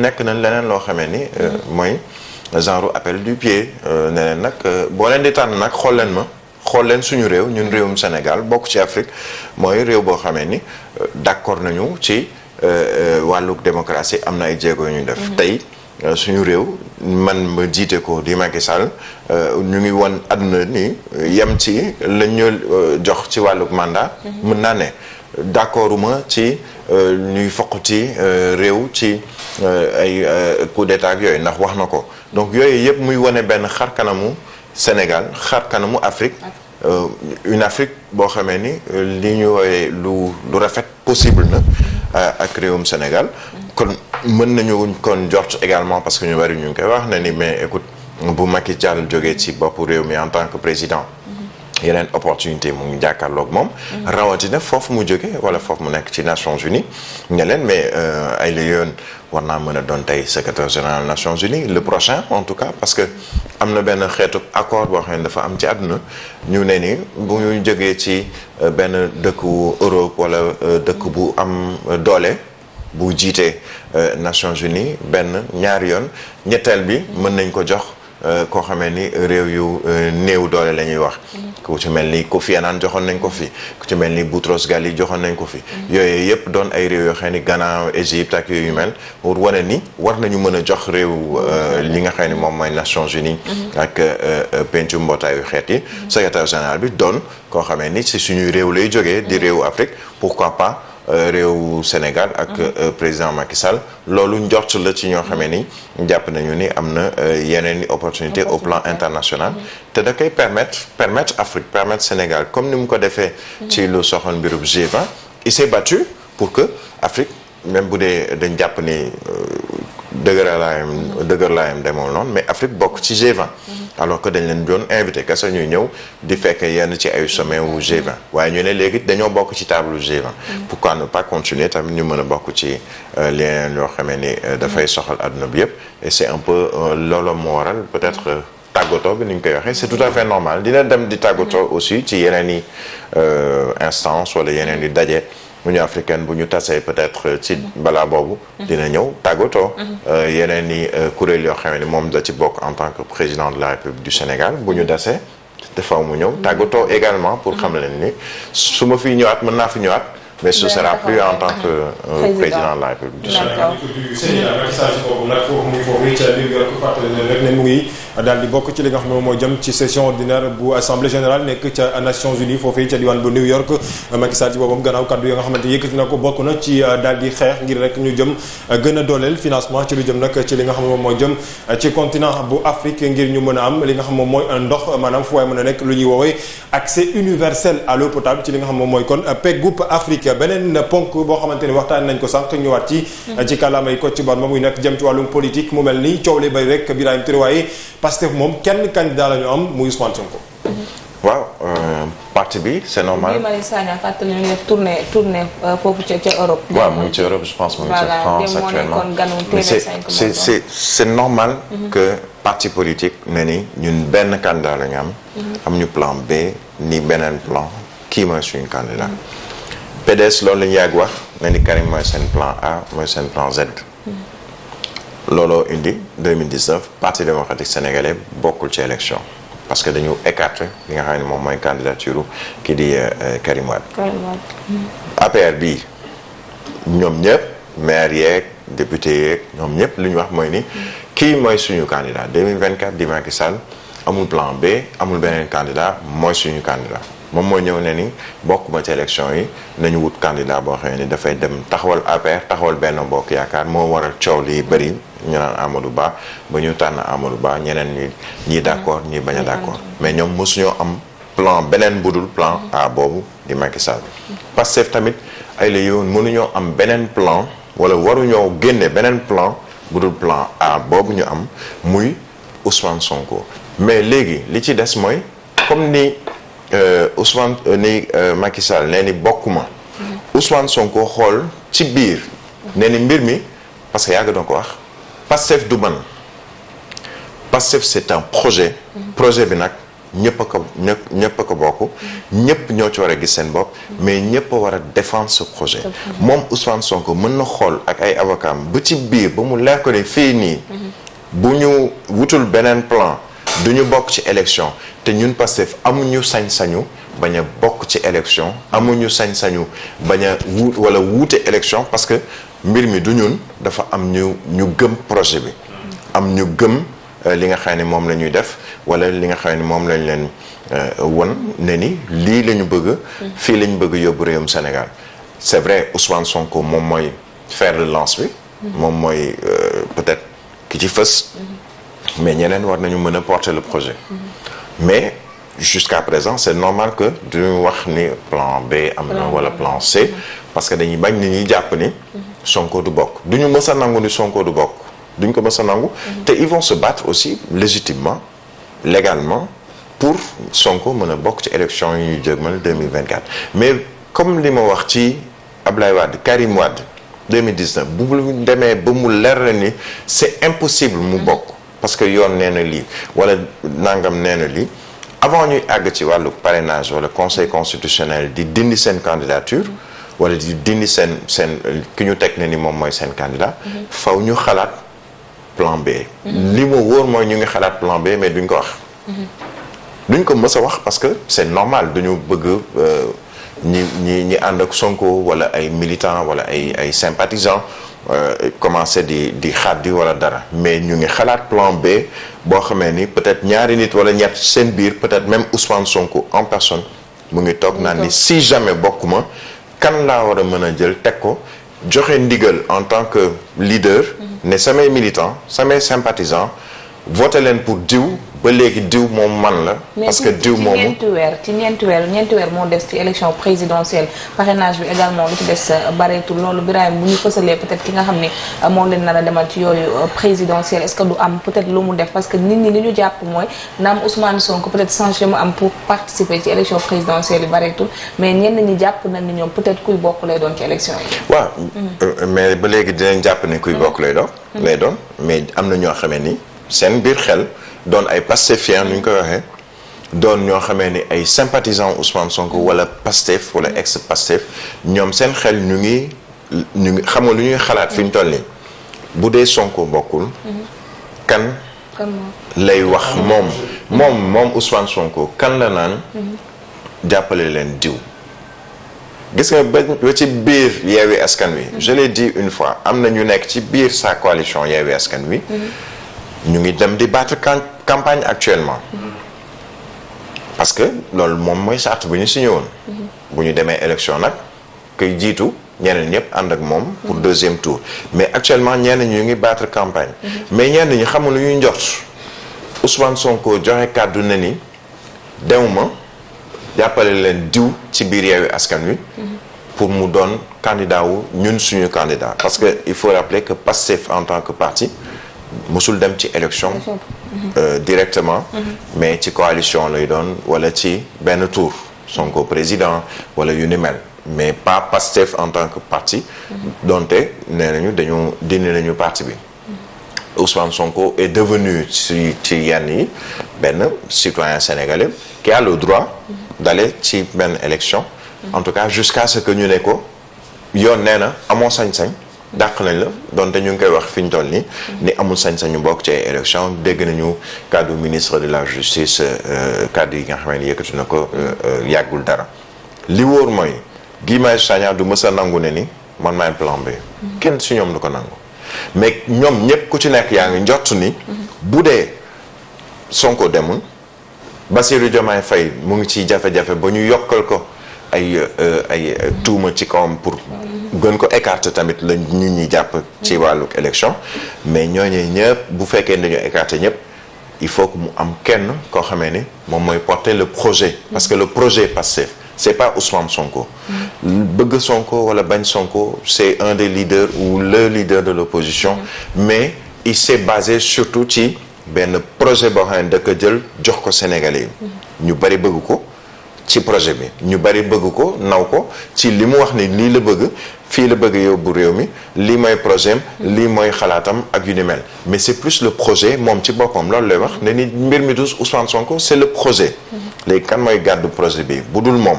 nekk nañ leneen loo xamee ni euh, mooy genre appel du pied euh, neneen nag euh, boo leen di tànn nag xool leen ma xool leen suñu réew ñun réewum Sénégal bokk ci Afrique mooy réew boo xamee ni d'accord nañu ci wàlluk démocratie am na ay jéego yu ñu def mm-hmm. tey suñu réew man ma jiite ko di Macky Sall ñu ngi won àdduna ni yem ci la ñu jox ci wàlluk mandat mën mm-hmm. naa ne d'accordu ma ci euh, ñuy foq ci euh, réew ci euh, ay coup d'état ak yooyu ndax wax na ko donc yooyu yëpp muy wane benn xar kanamu Sénégal xar kanamu Afrique une Afrique boo xamee ni li ñu wooyee lu lu rafet possible na ak réewum Sénégal kon mën nañu kon jort également parce que ñu bari ñu ngi koy wax na ni mais écoute bu Macky Sall jógee ci boppu réew mi en tant que président yeneen opportunité mu ngi jàkkaarloog moom. rawatina foofu mu jóge wala foofu mu nekk ci Nations Unies ne leen mais euh, ay la yoon war naa mën a doon tey secrétaire général Nations Unies le prochain en tout cas parce que am na benn xeetu accord boo xam ne dafa am ci àdduna ñu ne ni bu ñu jógee ci euh, benn dëkku Europe wala euh, dëkk bu am doole. bu jiitee Nations Unies benn ñaari yoon ñetteel bi mën nañ ko jox. Euh, koo xamee ni réew yu euh, néew doole la ñuy wax mm-hmm. ku ci mel ni Kofi Annan joxoon nañ ko fi ku ci mel ni Boutros Ghali joxoon nañ ko fi mm-hmm. yooyu yëpp doon ay réew yoo xam ni Ghana Égypte ak yooyu mel pour wane ni war nañu mën a jox réew euh, li nga xam ni moom mooy Nations Unies mm-hmm. ak pencu mbootaayu xeet yi secrétaire général bi doon koo xamee ni si suñuy réew lay jógee di réew Afrique pourquoi pas Euh, réew Sénégal ak mhm. euh, président Macky Sall loolu njort la ci ñoo xamee ni jàpp nañu ni am na euh, yeneen i opportunité au plan international mhm. te da koy permettre permettre Afrique permettre Sénégal comme ni mu ko defee mhm. ci lu soxal mbirub G20 il s'est battu pour que Afrique même bu dee dañ jàpp ni euh, dëgëralaayam dëgërlaayam demoon noonu mais Afrique bokk ci G20. Mhm. alors que dañ leen doon invité kese ñuy ñëw di fekk yenn ci ay sommet wu G20 mhm. waaye ñu ne léegi dañoo bokk ci table g pour mhm. pourquoi ne pas continuer tamit ñu mën a bokk ci euh, leneen yoo xamee ni euh, dafay soxal àdduna bi yëpp et c'est un peu loolu moo waral peut-être. tàggatoo bi ni ñu koy waxee c'est tout à fait normal dina dem di tàggatoo aussi ci yeneen i instance wala yeneen yi daje Union africaine bu ñu tasee peut-être ci balaa boobu. dina ñëw tàggatoo. Euh, yeneen i euh, kuréel yoo xam ne moom da ci bokk en tant que président de la République du Sénégal bu ñu dasee dafa mu ñëw tàggatoo également pour xam leen ni su ma fi ñëwaat mën naa fi ñëwaat. mais ce sera plus en tant que euh, président de la République du Sénégal. Sénégal message boobu nag foofu muy foofu it ca biir nga ko fàttali rek ne mu ngi daal di bokk ci li nga xam ne moo jëm ci session ordinaire bu assemblée générale nekk ca Nations Unies foofu ca diwaan bu New York Macky Sall ci boobam gannaaw kaddu yi nga xamante yëkkati na ko bokk na ci euh, daal di xeex ngir rek ñu jëm euh, gën a dooleel financement ci lu jëm nag ci li nga xam ne moom moo jëm ci continent bu Afrique ngir ñu mën a am li nga xam moom mooy ndox maanaam fu waay mën a lu ñuy woowee accès universel li nga xam moom mooy kon beneen ponk boo xamante ni waxtaan nañ ko sànq ñëwaat ci mm-hmm. ci kàllaamay Kocc Barma muy nag jëm ci wàllum politique mu mel ni coow li bay rek Birahim Touré waaye parce que moom kenn candidat la ñu am muy Ousmane Sonko mm-hmm. waaw euh, parti bi c' est normal. Guy Marius Sagna fàttali ñu ne tournée tournée euh, foofu ca ca Europe. waaw mu ngi ci Europe je pense mu ngi ci France actuellement mais c' est c' est c' est normal. Mm-hmm. que parti politique ne ni ñun benn candidat la ñu am. am ñu plan B ni beneen plan kii mooy suñu candidat. PDS loolu la ñu yàgg wax na ni Karim mooy seen plan A mooy seen plan Z. looloo indi 2019 parti démocratique sénégalais bokkul ci élection parce que dañu écarté li nga xam ne moom mooy candidature kii di euh, euh, Karim Wade. APR hmm. bii ñoom ñëpp maire yeeg député yeeg ñoom ñëpp lu ñu wax mooy ni. kii mooy suñu candidat 2024 di Macky Sall amul plan B amul beneen candidat mooy suñu candidat. moom moo ñëw ne ni bokkuma ci élection yi nañu wut candidat boo xam ni dafay dem taxawal APR taxawal benn mbokk yaakaar moo waral coow lii bëri ñu naan Amadou Ba ba ñu tànn Amadou baax ñeneen ñi ñii d'accord ñi bañ a d'accord mais ñoom mosuñoo am plan beneen budul plan A boobu di Macky Sall. Pastef tamit ay la yoon mënuñoo am beneen plan wala waruñoo génne beneen plan budul plan A boobu ñu am muy Ousmane Sonko mais léegi li ci des mooy comme ni. Euh, Ousmane euh, ni euh, Macky Sall nee ni bokkuma mhm. Ousmane Sonko xool ci biir nee mbir mi parce que yàgg na ko wax Pastef du man Pastef c'est projet mhm. projet bi nag ñëpp a ko ñëpp ko bokk mhm. ñëpp ñoo ci war a gis seen bopp mais ñëpp a war a défendre ce projet moom Ousmane Sonko mën na xool ak ay avocats bu ci biir ba mu leer ko ni fii nii bu ñu wutul beneen plan du ñu bokk ci élection te ñun Pastef amuñu sañ-sañu bañ a bokk ci élection amuñu sañ-sañu bañ a wuut wala wuute élection parce que mbir mi du ñun dafa am ñu ñu gëm projet bi am ñu gëm euh, li nga xam ne moom la ñuy def wala li nga xam ne moom lañ leen euh, won ne ni lii la ñu bëgg fii la ñu bëgg yóbbu réewum Sénégal c'est vrai Ousmane Sonko moom mooy faire le lance bi mm-hmm. moom mooy euh, peut-être ki ci fës mm-hmm. mais ñeneen war nañu mën a porter le projet mais jusqu'à présent c'est normal que duñu wax ni plan B am na wala plan C parce que dañuy bañ ni ñuy jàpp ni Sonko du bokk duñu mës a nangu ni Sonko du bokk duñ ko mës a nangu mhm. te ils vont se battre aussi légitimement légalement pour Sonko mën a bokk ci élection yi ñuy jëgmal 2024 mais comme li ma wax ci Ablaye Wade Karim Wade 2019 bu demee ba mu leer ni c'est impossible mu mhm. bokk parce que yoon nee na lii wala nangam nee na lii avant ñuy àgg ci wàllu parrainage wala conseil constitutionnel di dindi seen candidature wala di dindi seen seen ki ñu teg ne ni moom mooy seen candidat mhm. faw ñu xalaat plan B mhm. li ma wóor mooy ñu ngi xalaat plan B mais duñ ko wax mhm. duñ ko mës a wax parce que c'est normal duñu bëgg euh, ñi ñi ñi ànd ak Sonko wala ay militants wala ay ay sympathisants Euh, commencé di di xaddi wala dara mais ñu ngi xalaat plan B boo xamee ni peut-être ñaari nit wala ñett seen biir peut-être même Ousmane Sonko en personne mu ngi toog naan ni si jamais bokkuma kan laa war a mën a jël teg ko joxe ndigal en tant que leader. Mm-hmm. ne samay militants samay sympathisants. voté leen pour diw ba léegi diw moom man la. parce que diw moomu mais ci ñeenti weer ci ñeenti weer ñeenti weer moo des ci élection présidentielle parrainage bi également lu ci des euh, bareetul loolu Birahim bu ñu fësalee peut-être ki nga xam ne euh, moom leen na a demal ci yooyu euh, présidentielle est-ce que du am peut-être lu mu def parce que nit ñi li ñu jàpp mooy naam Ousmane Sonko peut-être changé mu am pour participer ci élection présidentielle yi bareetul mais ñenn ñi jàpp nañ ni ñoom peut-être kuy bokk lay doon ci lay doon. Mm. lay doon mais am na ñoo xamee ni. seen biir xel doon ay Pastefien nu ñu koy waxee doon ñoo xamee ni ay sympathisants Ousmane Sonko wala Pastef wala ex Pastef ñoom seen xel ñu ngi ñu ngi xam nga lu ñuy xalaat fi ñu toll nii bu dee Sonko bokkul. kan. lay wax moom mm-hmm. moom moom Ousmane Sonko kan la naan. Mm-hmm. jàppale leen diw. gis nga ba ci biir Yewwi Askan Wi. Mm-hmm. je l'ai une fois am na ñu nekk ci biir sa coalition Yewwi Askan Wi. ñu ngi dem di battre campagne actuellement parce que loolu moom mooy charte bu ñu signé woon mm-hmm. bu ñu demee élection nag koy jiitu ñeneen ñëpp ànd ak moom pour mm-hmm. deuxième tour mais actuellement ñenn ñu ngi battre campagne mm-hmm. mais ñenn ñi xamul lu ñuy njort Ousmane Sonko joxe kàddu na ni dewuma jàppale leen diw ci biir Yewwi Askan Wi pour mu doon candidat wu ñun suñu candidat parce que il faut rappeler que Pastef en tant que parti musul dem ci élection euh, directement mhm. mais ci coalition lay doon wala ci benn tour Sonko président wala yu ni mel mais pas Pastef en tant que parti mhm. donte nee nañu dañu dindi nañu parti bi mhm. Ousmane Sonko est devenu ci ci yenn yi benn citoyen sénégalais qui a le droit dale ci benn élection en tout cas jusqu'à ce que ñu ne ko yoon nee na amoo sañ-sañ dàq nañ la donte ñu ngi koy wax fi ñu toll nii. ni amul sañ-sañu bokk ci ay élection dégg nañu kàddu ministre de la justice euh, kàddu yi nga xam ne yëkkati na ko euh, yàggul dara. li wóor mooy Guy Marius Sagna du mës nangu ne ni man maay plan B. kenn si ñoom du ko nangu. mais ñoom ñëpp ku ci nekk yaa ngi njott ni. bu dee Sonko demul. Bassirou Diomaye fay mu ngi ci jafe-jafe ba ñu yokkal ko ay euh, ay tuuma ci kawam pour. gën ko écarte tamit la ñu ñi jàpp ci mm-hmm. wàllu élection mais ñooñu ñëpp bu fekkee dañu écarte ñëpp il faut que mu am kenn koo xamee ni moom mooy porter le projet mm-hmm. parce que le projet Pastef c'est pas Ousmane Sonko mm-hmm. bëgg Sonko wala bañ Sonko c'est un des leaders ou le leader de l'opposition mais il s'est basé surtout ci benn projet boo xam ne da jël jox ko Sénégalais ñu bari bëgg ko ci projet bi ñu bari bëgg ko naw ko ci li mu wax ni lii la bëgg fii la bëgg yóbbu réew mi lii mooy projet lii mooy xalaatam ak yu ni mel mais c'est plus le projet moom ci boppam loolu lay wax ne ni mbir mi du Ousmane Sonko c'est le projet léegi kan mooy gàddu projet bi bu dul moom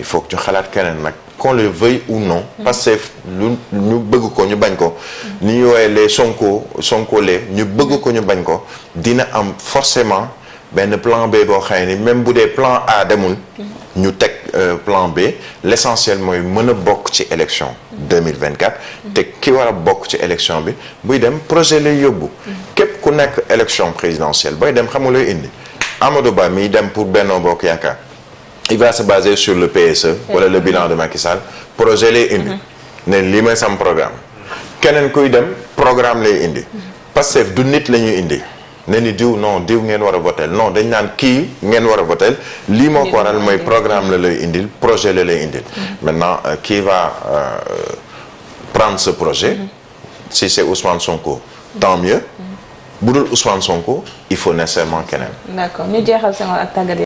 il faut que ñu xalaat keneen nag qu'on le veuille ou non parce que lu ñu bëgg ko ñu bañ ko ni ñu woowee les Sonko Sonkolé ñu bëgg ko ñu bañ ko dina am forcément benn plan B boo xam ne même bu dee plan A demul ñu teg Euh, plan B l'essentiel mooy mën a bokk ci élection 2024 te ki war a bokk ci élection bi buy dem projet lay yóbbu képp ku nekk élection présidentielle booy dem xam nga lay indi amado Ba miy dem pour Benno Bokk Yaakaar il va se baser sur le PSE wala le bilan de Macky Sall projet lay indi ne lii may sam programme keneen kuy dem programme lay indi Pastef du nit la ñuy indi ne ni diw non diw ngeen war a votel non dañ naan kii ngeen war a votel lii moo ko waral mooy programme la lay indil projet la lay indil maintenant euh, qui va euh, prendre ce projet si c'est Ousmane Sonko tant mieux bu dul Ousmane Sonko il faut nécessairement keneen